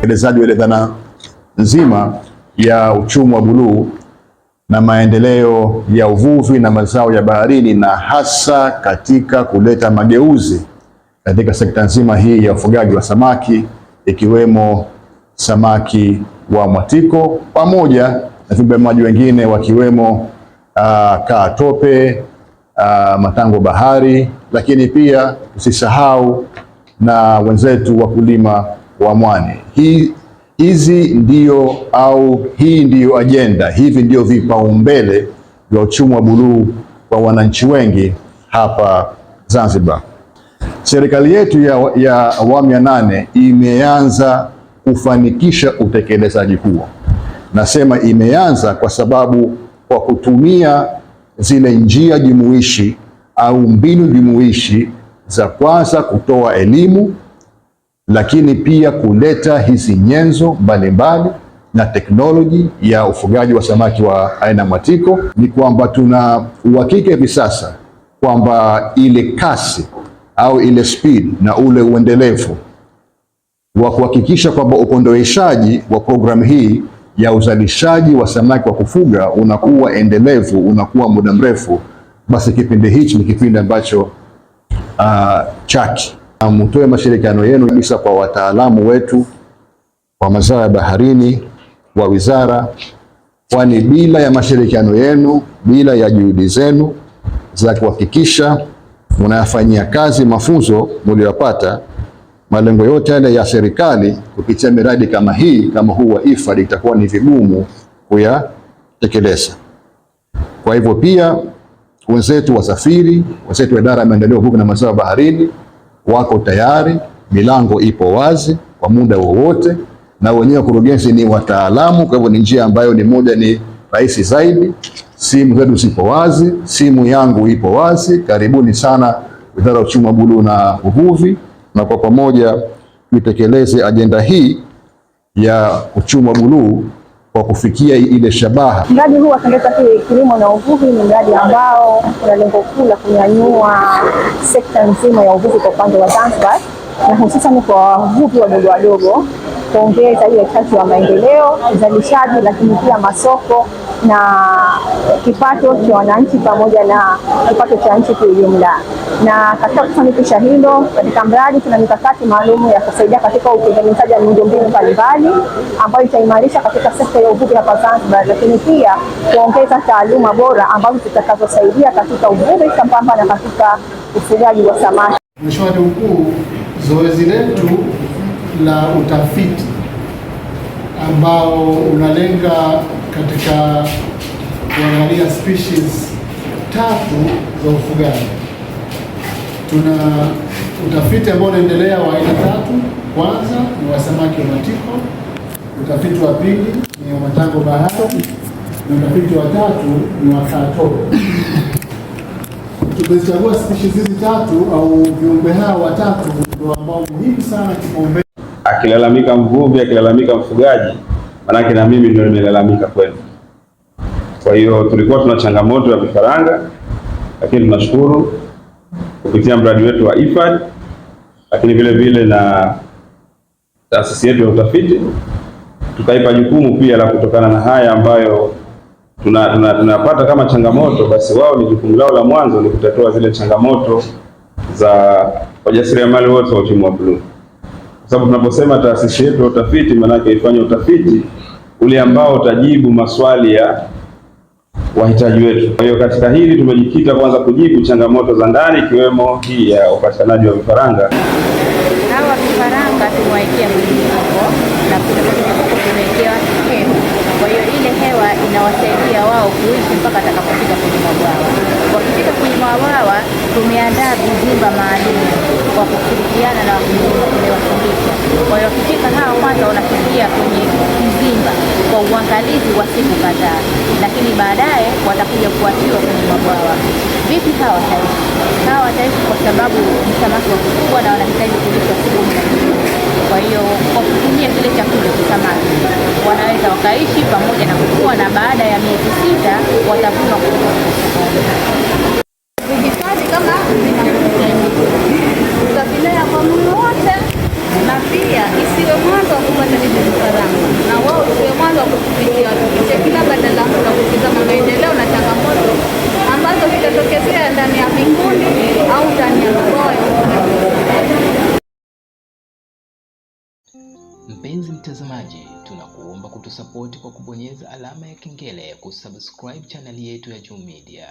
uendelezaji wa ile dhana nzima ya uchumi wa buluu na maendeleo ya uvuvi na mazao ya baharini na hasa katika kuleta mageuzi katika sekta nzima hii ya ufugaji wa samaki ikiwemo samaki wa mwatiko pamoja na viumbe maji wengine wakiwemo uh, kaa tope uh, matango bahari, lakini pia tusisahau na wenzetu wakulima wa mwani. Hii hizi ndio au hii ndiyo ajenda, hivi ndio vipaumbele vya uchumi wa buluu kwa wananchi wengi hapa Zanzibar. Serikali yetu ya, ya awamu ya nane imeanza kufanikisha utekelezaji huo. Nasema imeanza kwa sababu kwa kutumia zile njia jumuishi au mbinu jumuishi za kwanza kutoa elimu, lakini pia kuleta hizi nyenzo mbalimbali na teknoloji ya ufugaji wa samaki wa aina mwatiko. Ni kwamba tuna uhakika hivi sasa kwamba ile kasi au ile speed na ule uendelevu wa kuhakikisha kwamba upondoweshaji wa programu hii ya uzalishaji wa samaki wa kufuga unakuwa endelevu, unakuwa muda mrefu, basi kipindi hichi ni kipindi ambacho uh, chaki mtoe mashirikiano yenu kabisa kwa wataalamu wetu wa mazao ya baharini wa wizara, kwani bila ya mashirikiano yenu, bila ya juhudi zenu za kuhakikisha mnayafanyia kazi mafunzo mliyopata malengo yote yale ya serikali kupitia miradi kama hii kama huu wa IFAD itakuwa ni vigumu kuyatekeleza. Kwa hivyo, pia wenzetu wasafiri, wenzetu wa idara ya maendeleo huko na masuala baharini wako tayari, milango ipo wazi kwa muda wowote, na wenyewe wakurugenzi ni wataalamu. Kwa hivyo, ni njia ambayo ni moja ni rahisi zaidi. Simu zetu zipo wazi, simu yangu ipo wazi. Karibuni sana Wizara ya Uchumi wa Buluu na Uvuvi na kwa pamoja tuitekeleze ajenda hii ya uchumi wa buluu kwa kufikia ile shabaha. Mradi huu wa Songea Kilimo na Uvuvi ni mradi ambao una lengo kuu la kunyanyua sekta nzima ya uvuvi kwa upande wa Zanzibar na hususani kwa wavuvi wadogo wadogo kuongeza ile chachu ya maendeleo, uzalishaji, lakini pia masoko na kipato cha wananchi pamoja na kipato cha nchi kwa ujumla. Na katika kufanikisha hilo, katika mradi tuna mikakati maalum ya kusaidia katika utengenezaji wa miundombinu mbalimbali ambayo itaimarisha katika sekta ya uvuvi hapa Zanzibar, lakini pia kuongeza taaluma bora ambazo zitakazosaidia katika uvuvi sambamba na katika ufugaji wa samaki. Mheshimiwa Mkuu zoezi letu la utafiti ambao unalenga katika kuangalia species tatu za ufugaji. Tuna utafiti ambao unaendelea wa aina tatu. Kwanza ni wa samaki wa matiko, utafiti wa pili ni wa matango bahari na utafiti wa tatu ni wa kato. Tumezichagua species hizi tatu au viumbe hawa watatu ndio ambao muhimu sana kipaumbele. Akilalamika mvuvi, akilalamika mfugaji, manake na mimi ndio nimelalamika kwenu. Kwa hiyo tulikuwa tuna changamoto ya vifaranga, lakini tunashukuru kupitia mradi wetu wa IFAD, lakini vile vile na taasisi yetu ya utafiti tukaipa jukumu pia la kutokana na haya ambayo tunapata tuna, tuna kama changamoto, basi wao ni jukumu lao la mwanzo ni kutatua zile changamoto za wajasiriamali wote wa uchumi wa bluu, kwa sababu tunaposema taasisi yetu ya utafiti, maanake ifanye utafiti ule ambao utajibu maswali ya wahitaji wetu. Kwa hiyo katika hili tumejikita kwanza kujibu changamoto za ndani, ikiwemo hii ya upatikanaji wa vifaranga. Hawa vifaranga tumewekea mlimuko na tumewekewa hewa, kwa hiyo ile hewa inawasaidia wao kuishi mpaka atakapofika kwenye mabwawa. Wakifika kwenye mabwawa tumeandaa vizimba maalum kwa kushirikiana na wamewafundisha. Kwa hiyo wakifika hao kwanza wanafikia kwenye mzimba kwa uangalizi wa siku kadhaa, lakini baadaye watakuja kuachiwa kwenye mabwawa. Vipi hawa wataishi? Hawa wataishi kwa sababu ni samaki wa na wanahitaji kulishwa siku mzima. Kwa hiyo kwa kutumia kile chakula cha samaki wanaweza wakaishi pamoja na kukua, na baada ya miezi sita watavuna kutoka sokoni. ndio mwanzo wa kupata hizi sifa na wao ndio mwanzo wa kutufikia tufikie kila badala ya kutizama maendeleo na changamoto ambazo zitatokezea ndani ya vikundi au ndani ya mikoa Mpenzi mtazamaji, tunakuomba kutusapoti kwa kubonyeza alama ya kengele, kusubscribe chaneli yetu ya Juu Media.